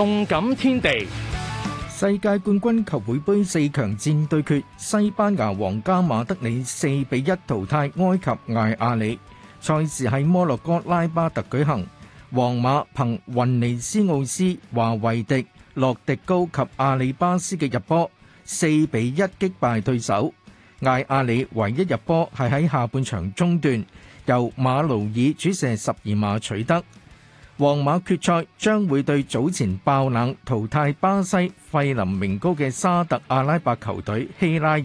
動感天地，世界冠軍球會杯四強戰對決，西班牙皇家馬德里四比一淘汰埃及艾阿里。賽事喺摩洛哥拉巴特舉行，皇馬憑雲尼斯奧斯、華維迪、洛迪高及阿里巴斯嘅入波，四比一擊敗對手。艾阿里唯一入波係喺下半場中段，由馬勞爾主射十二碼取得。皇馬決賽將會對早前爆冷淘汰巴西費林明高嘅沙特阿拉伯球隊希拉爾，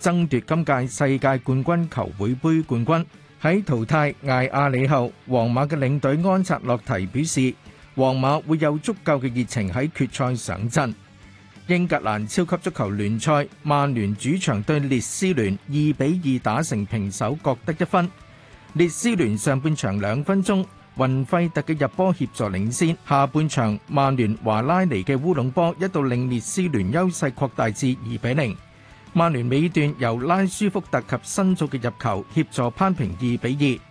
爭奪今屆世界冠軍球會杯冠軍。喺淘汰艾阿里後，皇馬嘅領隊安察洛提表示，皇馬會有足夠嘅熱情喺決賽上陣。英格蘭超級足球聯賽曼聯主場對列斯聯2比2打成平手，各得一分。列斯聯上半場兩分鐘。雲費特嘅入波協助領先，下半場曼聯華拉尼嘅烏龍波一度令列斯聯優勢擴大至二比零。曼聯尾段由拉舒福特及新造嘅入球協助攀平二比二。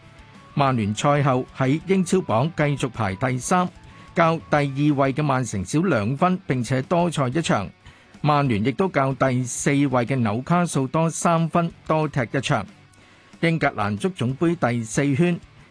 曼聯賽後喺英超榜繼續排第三，較第二位嘅曼城少兩分，並且多賽一場。曼聯亦都較第四位嘅紐卡素多三分，多踢一場。英格蘭足總杯第四圈。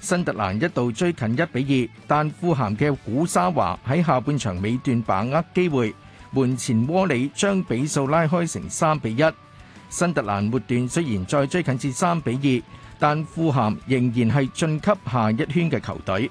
新特蘭一度追近一比二，但富咸嘅古沙華喺下半場尾段把握機會，門前窩里將比數拉開成三比一。新特蘭末段雖然再追近至三比二，但富咸仍然係晉級下一圈嘅球隊。